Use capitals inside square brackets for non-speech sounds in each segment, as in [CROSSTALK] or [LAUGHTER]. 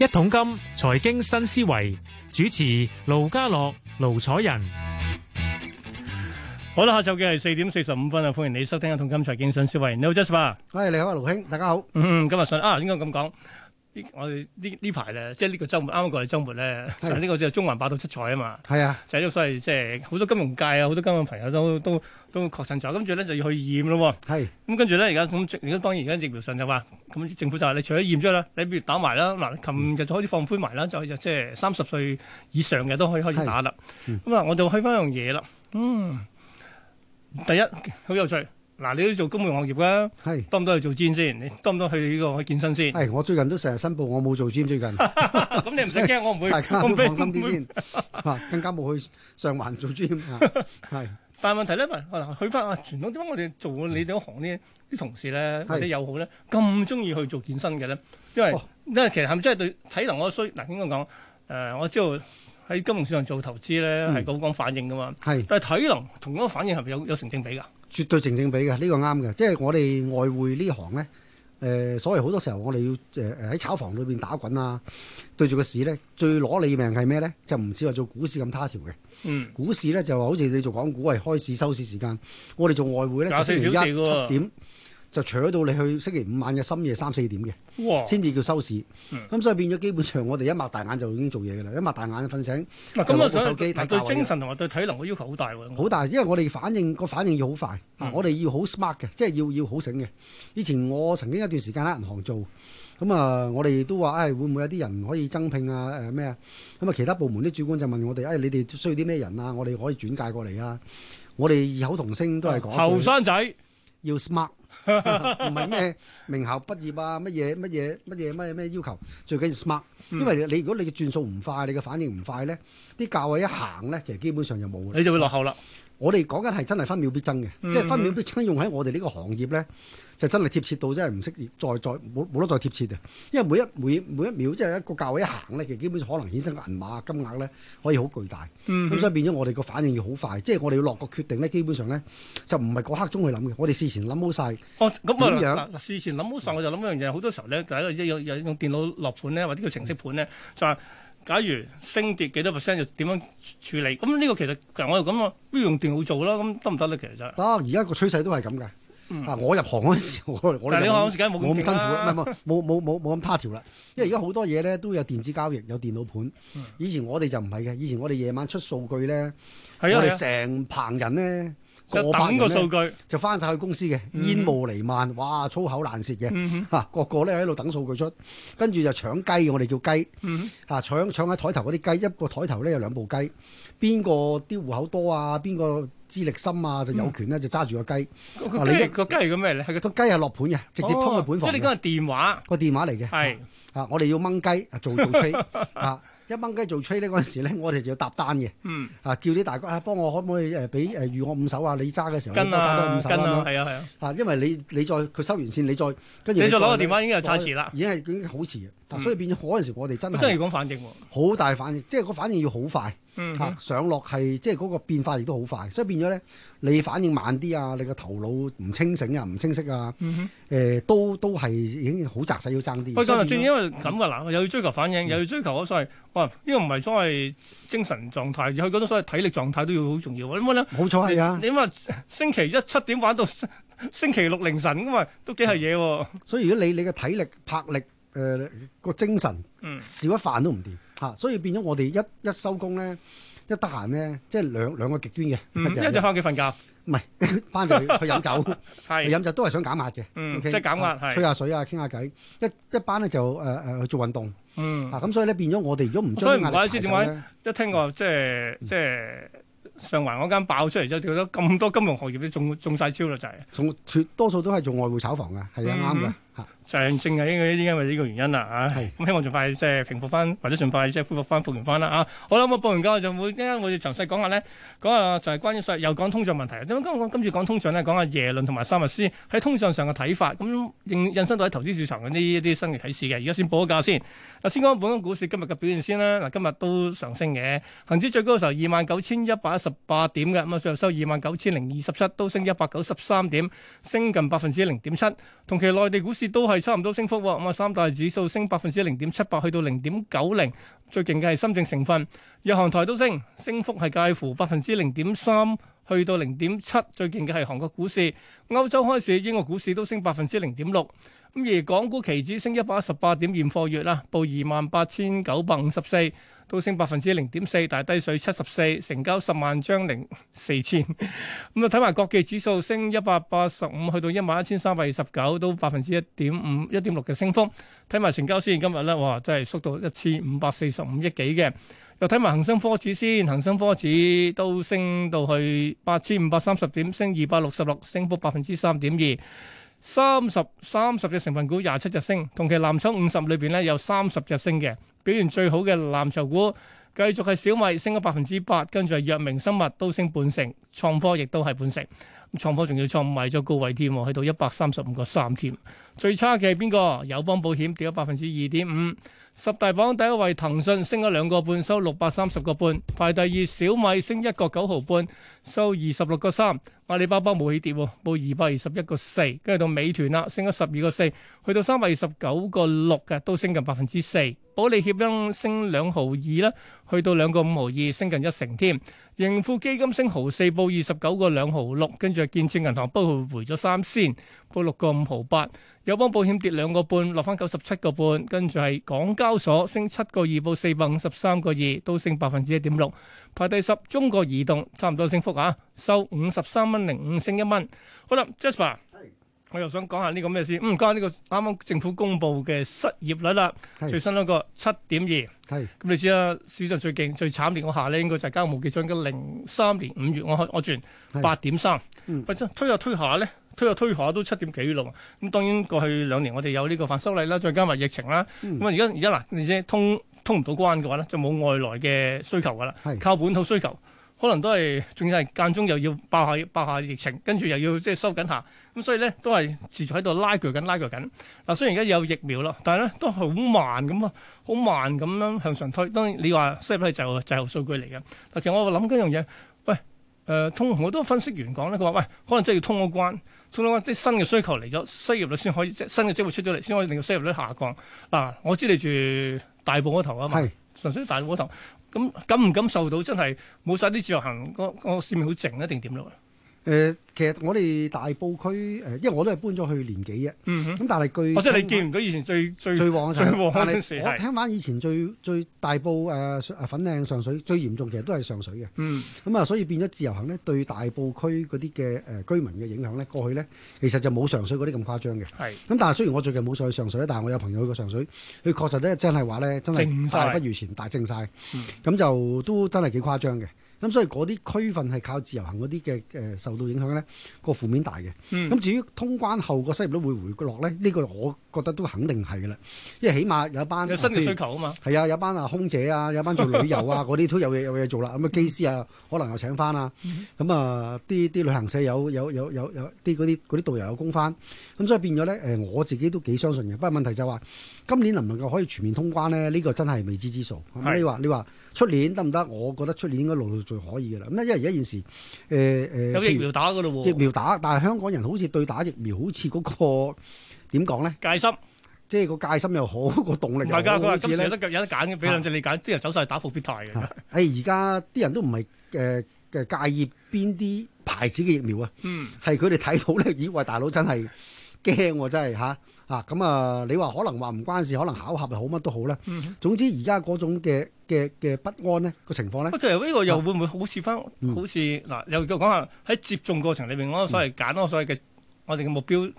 一桶金財經新思維主持盧家樂、盧楚仁，好啦，下晝嘅係四點四十五分啊！歡迎你收聽《一桶金財經新思維》，你好，Just 巴，係你好啊，盧兄，大家好，今日順啊，應該咁講。呢我哋呢呢排咧，即係呢個週末啱啱過去週末咧，係呢、啊、 [LAUGHS] 個就係中環八度七彩啊嘛，係啊，就係、這個、所以即係好多金融界啊，好多金融朋友都都都確診咗，跟住咧就要去驗咯喎，咁跟住咧而家咁，而家當然而家疫苗上就話，咁政府就話、是，你除咗驗咗啦，你不如打埋啦，嗱、啊，琴日就開始放寬埋啦，嗯、就可以就即係三十歲以上嘅都可以開始打啦，咁啊，我就去翻樣嘢啦，嗯，嗯，第一好有趣。嗱，你都做金融行業㗎，係多唔多去做 gym 先？你多唔多去呢個去健身先？係我最近都成日申報，我冇做 gym 最近。咁你唔使驚，我唔會，大家都放心啲先。啊，更加冇去上環做 gym 係。但係問題咧，咪嗱，去翻啊傳統點解我哋做你哋一行呢啲同事咧或者友好咧咁中意去做健身嘅咧？因為因為其實係咪真係對體能嘅衰。嗱應該講誒，我知道喺金融市場做投資咧係好講反應㗎嘛。係，但係體能同嗰個反應係咪有有成正比㗎？絕對正正比嘅，呢、這個啱嘅。即係我哋外匯呢行咧，誒、呃，所謂好多時候我哋要誒誒喺炒房裏邊打滾啊，對住個市咧，最攞你命係咩咧？就唔似話做股市咁他條嘅。嗯，股市咧就話好似你做港股係開市收市時間，我哋做外匯咧就星期一七點。嗯就扯到你去星期五晚嘅深夜三四點嘅，先至叫收市。咁哇、嗯嗯、所以變咗，基本上我哋一擘大眼就已經做嘢㗎啦。一擘大眼瞓醒，攞部、啊嗯、手機咁我、啊嗯、對精神同埋對體能嘅要求好大喎。好大，嗯、因為我哋反應個反應要好快，嗯、我哋要好 smart 嘅，即係要要好醒嘅。以前我曾經一段時間喺銀行做，咁、嗯、啊，我哋都話誒、哎、會唔會有啲人可以增聘啊？誒咩啊？咁啊，其他部門啲主管就問我哋誒、哎、你哋需要啲咩人啊？我哋可以轉介過嚟啊！我哋異口同聲都係講後生仔要 smart。唔係咩名校畢業啊？乜嘢乜嘢乜嘢乜嘢咩要求？最緊要 smart，、嗯、因為你如果你嘅轉數唔快，你嘅反應唔快咧，啲價位一行咧，其實基本上就冇，你就會落後啦。我哋講緊係真係分秒必爭嘅，即係、嗯、分秒必爭用喺我哋呢個行業咧。就真係貼切到真係唔識再再冇冇得再貼切啊！因為每一每每一秒即係、就是、一個價位一行咧，其實基本上可能衍生個銀碼金額咧可以好巨大。咁、嗯、哼所以變咗我哋個反應要好快，即係我哋要落個決定咧，基本上咧就唔係嗰刻鐘去諗嘅。我哋事前諗好曬點樣。事、哦、前諗好晒，我就諗一樣嘢，好、嗯、多時候咧就係用用用電腦落盤咧，或者叫程式盤咧，就話、是、假如升跌幾多 percent 就點樣處理？咁呢個其實其實我就咁啊，不如用電腦做啦。咁得唔得咧？其實就而家個趨勢都係咁嘅。啊！我入行嗰陣時，是我哋，我我我咁辛苦啦，唔唔、啊，冇冇冇冇咁他條啦，因為而家好多嘢咧都有電子交易，有電腦盤。以前我哋就唔係嘅，以前我哋夜晚出數據咧，啊、我哋成棚人咧。就版個數據就翻晒去公司嘅，煙霧瀰漫，哇，粗口爛舌嘅，嚇個個咧喺度等數據出，跟住就搶雞，我哋叫雞嚇，搶搶喺台頭嗰啲雞，一個台頭咧有兩部雞，邊個啲戶口多啊？邊個資歷深啊？就有權咧就揸住個雞。你即個雞係個咩咧？係個個雞係落盤嘅，直接通去盤房。即係你個電話個電話嚟嘅，係啊，我哋要掹雞做做吹。啊。一蚊雞做吹 r 咧嗰陣時咧，我哋就要搭單嘅，嗯、啊叫啲大哥啊，幫我可唔可以誒俾誒預我五手啊？你揸嘅時候，跟啊、我揸多五手啦咁樣，跟啊，啊，啊，啊，啊因為你你再佢收完線，你再跟住你再攞個電話已經係太遲啦、啊，已經係已經好遲啊！嗯、所以變咗嗰陣時我哋真係真係要講反應好大反應，即係、啊、個反應要好快。嗯，上落係即係嗰個變化亦都好快，所以變咗咧，你反應慢啲啊，你個頭腦唔清醒啊，唔清晰啊，誒、嗯哼呃、都都係已經好紮實要爭啲。我講正因為咁啊。嗱、嗯，又要追求反應，又要追求所以，哇，呢、呢個唔係所謂精神狀態，而係嗰種所謂體力狀態都要好重要。你諗唔冇錯係啊！你諗啊，星期一七點玩到星期六凌晨咁嘛，都幾係嘢喎。所以如果你你嘅體力、魄、呃、力、誒、呃、個精神少一飯都唔掂。吓，所以變咗我哋一一收工咧，一得閒咧，即係兩兩個極端嘅，一一翻屋企瞓覺，唔係，班就去飲酒，飲酒都係想減壓嘅，即係減壓，吹下水啊，傾下偈。一一班咧就誒誒去做運動，吓咁所以咧變咗我哋如果唔將壓力，所以唔怪知點解一聽過即係即係上環嗰間爆出嚟之後，掉咗咁多金融行業都中中晒招啦，就係，多數都係做外匯炒房嘅，係啊啱嘅吓。上昇啊！呢個呢間係呢個原因啦，嚇咁是、啊、希望盡快即係平復翻，或者盡快即係恢復翻、復原翻啦，嚇好啦！我、嗯、報完價，就會一陣我哋詳細講下咧，講下就係關於上又講通脹問題。點解我今次講通脹咧？講下耶倫同埋三默斯喺通脹上嘅睇法，咁、嗯、引引申到喺投資市場嘅呢一啲新嘅提示嘅。而家先報一價先。嗱，先講本港股市今日嘅表現先啦。嗱，今日都上升嘅，恆指最高嘅時候二萬九千一百一十八點嘅，咁啊，最後收二萬九千零二十七，都升一百九十三點，升近百分之零點七。同期內地股市都係。差唔多升幅，咁啊三大指數升百分之零點七八，去到零點九零，最勁嘅係深證成分，日韓台都升，升幅係介乎百分之零點三。去到零點七，最勁嘅係韓國股市。歐洲開市，英國股市都升百分之零點六。咁而港股期指升一百一十八點，現貨月啦，報二萬八千九百五十四，都升百分之零點四，但係低水七十四，成交十萬張零四千。咁啊，睇埋國際指數升一百八十五，去到一萬一千三百二十九，都百分之一點五、一點六嘅升幅。睇埋成交先今日咧，哇，真係縮到一千五百四十五億幾嘅。又睇埋恒生科指先，恒生科指都升到去八千五百三十點，升二百六十六，升幅百分之三點二。三十三十隻成分股廿七隻升，同期藍籌五十裏邊咧有三十隻升嘅。表現最好嘅藍籌股繼續係小米，升咗百分之八，跟住係藥明生物都升半成，創科亦都係半成。創科仲要創埋咗高位添，去到一百三十五個三添。最差嘅係邊個？友邦保險跌咗百分之二點五。十大榜第一位騰訊升咗兩個半，收六百三十個半；排第二小米升一個九毫半，收二十六個三。阿里巴巴冇起跌，報二百二十一個四。跟住到美團啦，升咗十二個四，去到三百二十九個六嘅，都升近百分之四。保利協鑫升兩毫二咧，去到兩個五毫二，升近一成添。盈富基金升毫四，報二十九個兩毫六。跟住建設銀行不過回咗三仙，報六個五毫八。友邦保險跌兩個半，落翻九十七個半，跟住係港交所升七個二，到四百五十三個二，都升百分之一點六，排第十。中國移動差唔多升幅啊，收五十三蚊零五，升一蚊。好啦，Jasper，我又想講下呢個咩先？唔、嗯、該，呢個啱啱政府公布嘅失業率啦，最新嗰個七點二。係，咁你知啦，史上最勁、最慘烈嗰下咧，應該就係交務局將嘅零三年五月，我我轉八點三，嗯、推下推下咧。推下推下都七點幾咯，咁當然過去兩年我哋有呢個反修例啦，再加埋疫情啦，咁啊而家而家嗱，你知通通唔到關嘅話咧，就冇外來嘅需求噶啦，是靠本土需求，可能都係仲要係間中又要爆下爆下疫情，跟住又要即係收緊下，咁所以咧都係持續喺度拉鋸緊，拉鋸緊。嗱雖然而家有疫苗咯，但係咧都係好慢咁啊，好慢咁樣向上推。當然你話 set 就 p 就就數據嚟嘅，但其實我諗緊樣嘢，喂，誒、呃、通好多分析員講咧，佢話喂，可能真係要通過關。通通啲新嘅需求嚟咗，失業率先可以即係新嘅職位出咗嚟，先可以令到失業率下降。嗱、啊，我知你住大埔嗰頭啊嘛，是純粹大埔嗰頭。咁感唔感受到真係冇晒啲自由行個、個市面好靜咧，定點咧？.誒、呃，其實我哋大埔區誒、呃，因為我都係搬咗去年幾啫。咁、嗯、哼但係據，我、哦、即係你見唔到以前最最最，最旺，就是、最旺我聽翻以前最最大埔誒誒、呃、粉嶺上水最嚴重，其實都係上水嘅。咁啊、嗯嗯，所以變咗自由行咧，對大埔區嗰啲嘅誒居民嘅影響咧，過去咧，其實就冇上水嗰啲咁誇張嘅。係是。咁、嗯、但係雖然我最近冇上去上水，但係我有朋友去過上水，佢確實咧真係話咧真係靜，大不如前，大靜晒，嗯。咁就都真係幾誇張嘅。嗯。咁所以嗰啲區份係靠自由行嗰啲嘅誒，受到影響咧，個負面大嘅。咁、嗯、至於通關後個失業率會回落咧，呢、這個我覺得都肯定係嘅啦。因為起碼有一班有新嘅需求啊嘛。係啊，啊，有班啊空姐啊，有班做旅遊啊，嗰啲 [LAUGHS] 都有嘢有嘢做啦。咁啊，機師啊，嗯、可能又請翻啊。咁啊、嗯，啲啲、嗯嗯、旅行社有有有有有啲啲啲導遊有工翻。咁所以變咗咧，誒、呃、我自己都幾相信嘅。不過問題就係話，今年能唔能夠可以全面通關咧？呢、這個真係未知之數。 [LAUGHS] 你話你話出年得唔得？我覺得出年應該陸最可以嘅啦，咁咧因為而家現時，誒、呃、誒，呃、有疫苗打嘅咯喎，疫苗打。但係香港人好似對打疫苗好似嗰、那個點講咧，戒心，即係個戒心又好，個動力又好，有得揀嘅，俾兩隻你揀，啲人走晒打復必泰嘅。誒而家啲人都唔係誒嘅介意邊啲牌子嘅疫苗啊，係佢哋睇到咧，咦、哎，喂大佬真係驚喎，真係嚇。哎啊，咁啊，你話可能話唔關事，可能巧合又好，乜都好啦。嗯、總之而家嗰種嘅嘅嘅不安呢個情況咧。不過其實呢個又會唔會好似翻、嗯、好似嗱又講下喺接種過程裡面，我、嗯、所謂揀我所謂嘅我哋嘅目標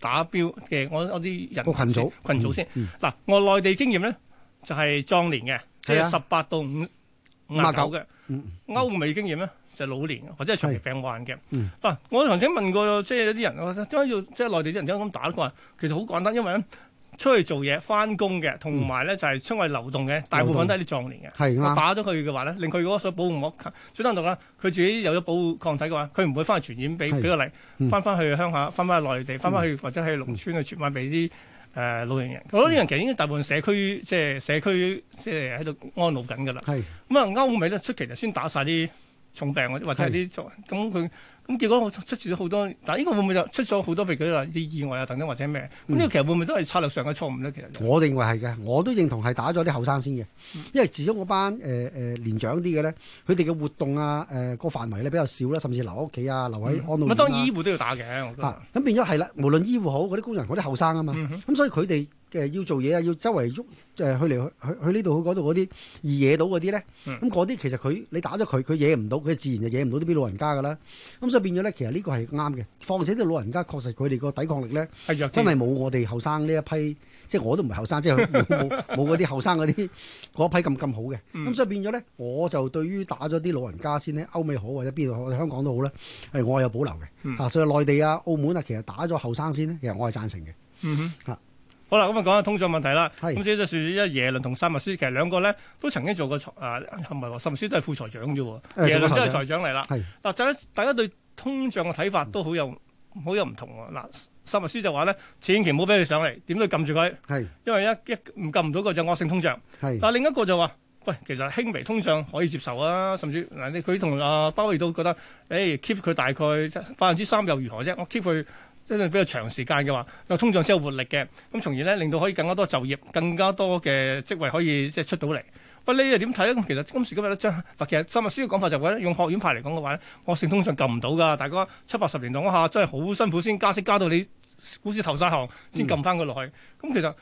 打標嘅我我啲人羣組羣組先嗱、嗯、我內地經驗咧就係、是、壯年嘅即係十八到五五十九嘅，歐美經驗咧。就老年或者係長期病患嘅。嗱、嗯啊，我曾經問過即係有啲人，點解要即係、就是、內地啲人點解咁打？佢話其實好簡單，因為咧出去做嘢、翻工嘅，同埋咧就係、是、出外流動嘅，大部分都係啲壯年嘅。動我打咗佢嘅話咧，令佢如果所保護膜，最難到啦，佢自己有咗保護抗體嘅話，佢唔會翻去傳染俾。俾、嗯、個例，翻翻去鄉下，翻翻去內地，翻翻去、嗯、或者係農村去傳染俾啲誒老年人，人。我覺得呢樣其實已經大部分社區即係、就是、社區即係喺度安老緊㗎啦。咁啊是，是歐美咧出奇，實先打晒啲。重病或者係啲咁佢咁結果我出事咗好多。但係呢個會唔會就出咗好多譬如嗰啲啲意外啊、等等或者咩？咁呢個其實會唔會都係策略上嘅錯誤咧？其實我認為係嘅，我都認同係打咗啲後生先嘅，嗯、因為始從嗰班誒誒、呃、年長啲嘅咧，佢哋嘅活動啊誒、呃那個範圍咧比較少啦，甚至留喺屋企啊，留喺安老院、啊。咪、嗯、當醫護都要打嘅。嚇咁、啊、變咗係啦，無論醫護好嗰啲工人，嗰啲後生啊嘛，咁、嗯、哼所以佢哋。誒、呃、要做嘢啊，要周圍喐，誒、呃、去嚟去去呢度去嗰度嗰啲而惹到嗰啲咧，咁嗰啲其實佢你打咗佢，佢惹唔到，佢自然就惹唔到啲啲老人家㗎喇。咁所以變咗咧，其實呢個係啱嘅。況且啲老人家確實佢哋個抵抗力咧，真係冇我哋後生呢一批，即係我都唔係後生， [LAUGHS] 即係冇冇嗰啲後生嗰啲嗰一批咁咁好嘅。咁、嗯、所以變咗咧，我就對於打咗啲老人家先咧，歐美好或者邊度，香港都好咧，誒，我係有保留嘅。啊，嗯、所以內地啊、澳門啊，其實打咗後生先咧，其實我係贊成嘅。嗯哼，嚇。好啦，咁啊講下通脹問題啦。咁呢就算一耶倫同薩默斯，其實兩個咧都曾經做過財啊，係咪話，薩默斯都係副財長啫喎，欸、耶倫都係財長嚟啦。嗱、欸，大家對通脹嘅睇法都好有好有好有唔同喎、啊。嗱，薩默斯就話咧，千祈唔好俾佢上嚟，點都撳住佢。係是，因為一一唔撳唔到個就惡性通脹。係是，但另一個就話，喂，其實輕微通脹可以接受啊，甚至嗱，佢同啊,啊鮑威都覺得，誒、欸、keep 佢大概百分之三又如何啫？我 keep 佢。即係比較長時間嘅話，有通脹先有活力嘅，咁從而咧令到可以更加多就業、更加多嘅職位可以即係出到嚟。喂，呢又點睇咧？咁其實今時今日咧，將其實新聞先嘅講法就話、是、用學院派嚟講嘅話咧，惡性通脹撳唔到㗎。大家七八十年代一下真係好辛苦先加息加到你股市頭曬行，先撳翻佢落去。咁、嗯、其實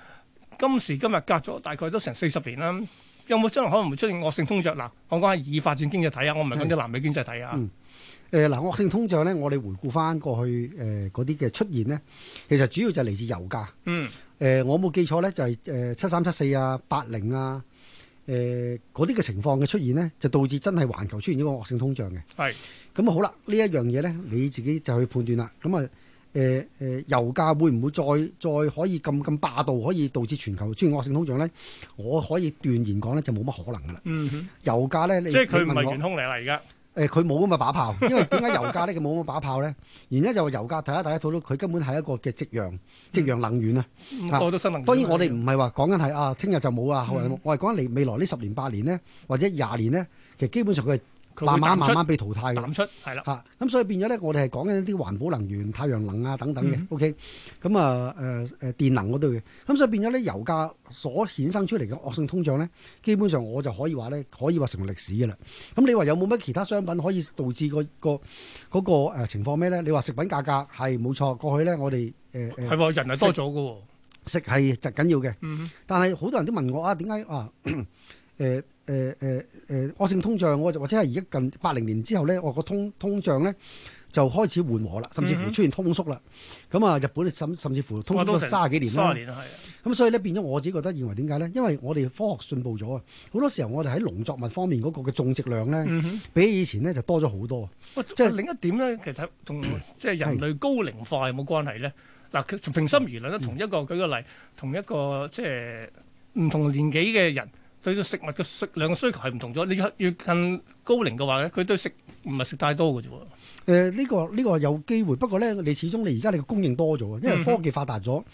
今時今日隔咗大概都成四十年啦，有冇真來可能會出現惡性通脹？嗱，我講下以發展經濟睇啊，我唔係講啲南美經濟睇啊。是嗯誒，嗱、呃，惡性通脹咧，我哋回顧翻過去，誒嗰啲嘅出現咧，其實主要就嚟自油價。嗯。誒、呃，我冇記錯咧，就係誒七三七四啊、八零啊、誒嗰啲嘅情況嘅出現咧，就導致真係環球出現一個惡性通脹嘅。係是。咁啊、嗯、好啦，一呢一樣嘢咧，你自己就去判斷啦。咁、嗯、啊，誒、呃、誒，油價會唔會再再可以咁咁霸道，可以導致全球出現惡性通脹咧？我可以斷言講咧，就冇乜可能噶啦。嗯哼。油價咧，你即係佢唔係圓嚟啦而家。在誒佢冇咁嘅把炮。 [LAUGHS] 因為點解油價呢？佢冇咁把炮咧？ [LAUGHS] 然之後就油價大家大家討到，佢根本係一個嘅夕陽夕陽能源啦。好多、嗯啊、新能源，當然我哋唔係話講緊係啊，聽日就冇啦。我係講緊未未來年年呢十年八年咧，或者廿年咧，其實基本上佢。慢慢慢慢被淘汰嘅，係啦，吓咁、啊、所以變咗咧，我哋係講緊啲環保能源，太陽能啊等等嘅、嗯、哼，OK，咁啊誒誒電能嗰度嘅，咁、嗯、所以變咗咧油價所衍生出嚟嘅惡性通脹咧，基本上我就可以話咧，可以話成為歷史嘅啦。咁你話有冇乜其他商品可以導致、嗰個、嗰個嗰個誒情況咩咧？你話食品價格係冇錯，過去咧我哋誒係人係多咗嘅，食係就緊要嘅。但係好多人都問我啊，點解啊誒？呃誒誒誒，惡性通脹，或者係而家近八零年之後咧，我個通通脹咧就開始緩和啦，甚至乎出現通縮啦。咁啊，日本甚甚至乎通縮咗卅幾年啦。卅年啦，係。咁所以咧，變咗我自己覺得，認為點解咧？因為我哋科學進步咗啊，好多時候我哋喺農作物方面嗰個嘅種植量咧，比以前咧就多咗好多。啊。即係另一點咧，其實同即係人類高齡化有冇關係咧？嗱，佢從平心而論咧，同一個舉個例，同一個即係唔同年紀嘅人。對到食物嘅食量嘅需求係唔同咗。你越近高齡嘅話咧，佢都食唔係食太多嘅啫喎。誒，呢個呢個有機會，不過咧，你始終你而家你嘅供應多咗，因為科技發達咗，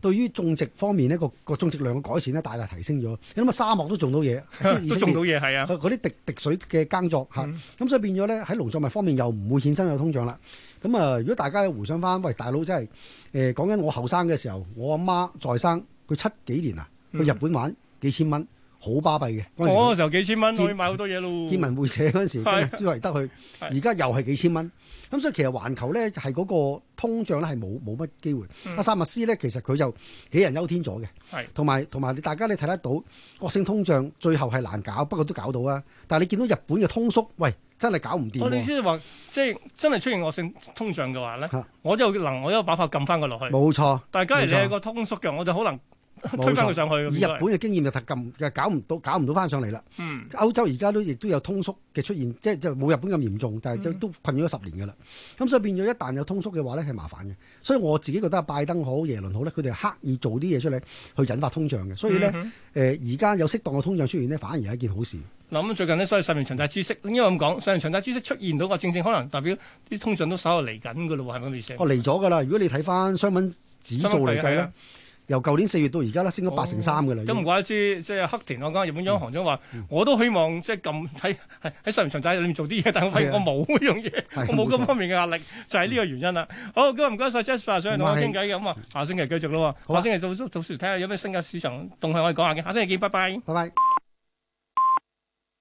對於種植方面呢個個種植量嘅改善咧大大提升咗。你諗下沙漠都種到嘢，都種到嘢係啊，佢嗰啲滴滴水嘅耕作嚇，咁所以變咗咧喺農作物方面又唔會衍生有通脹啦。咁啊，如果大家回想翻，喂大佬真係誒講緊我後生嘅時候，我阿媽在生佢七幾年啊，去日本玩幾千蚊。好巴閉嘅，我嗰時候幾千蚊可以買好多嘢咯。建文會寫嗰陣時都係得佢，而家又係幾千蚊。咁所以其實環球咧就係嗰個通脹咧係冇冇乜機會。阿薩密斯咧其實佢就杞人憂天咗嘅，同埋同埋你大家你睇得到惡性通脹最後係難搞，不過都搞到啊。但係你見到日本嘅通縮，喂真係搞唔掂。我哋意思係話即係真係出現惡性通脹嘅話咧，我都有能我有辦法撳翻佢落去。冇錯，大家假如你係個通縮嘅，我就可能，推翻佢上去，以日本嘅經驗就係咁，就搞唔到，搞唔到翻上嚟啦。嗯、歐洲而家都亦都有通縮嘅出現，即係就冇日本咁嚴重，但係都困住咗十年噶啦。咁、嗯、所以變咗，一旦有通縮嘅話咧，係麻煩嘅。所以我自己覺得拜登好，耶倫好咧，佢哋刻意做啲嘢出嚟去引發通脹嘅。所以咧，誒而家有適當嘅通脹出現咧，反而係一件好事。嗱咁、嗯、哼最近呢，所以上面長債知識，應該咁講，上面長債知識出現到個正正可能代表啲通脹都稍後嚟緊嘅咯喎，係咪咁意思？我嚟咗噶啦！如果你睇翻商品指數嚟計咧。的由舊年四月到而家啦，升咗八成三嘅啦。咁唔怪之，即係黑田我講日本央行長話，嗯嗯、我都希望即係咁喺喺市場仔裏面做啲嘢，但我冇呢樣嘢，嗯、我冇咁、嗯、方面嘅壓力，就係、是、呢個原因啦。嗯、好，今日唔該晒 Jasper 上嚟同我傾偈咁啊，嗯、下星期繼續啦、啊、下星期到到時睇下有咩新嘅市場動向我哋講下嘅，下星期見，拜拜，拜拜。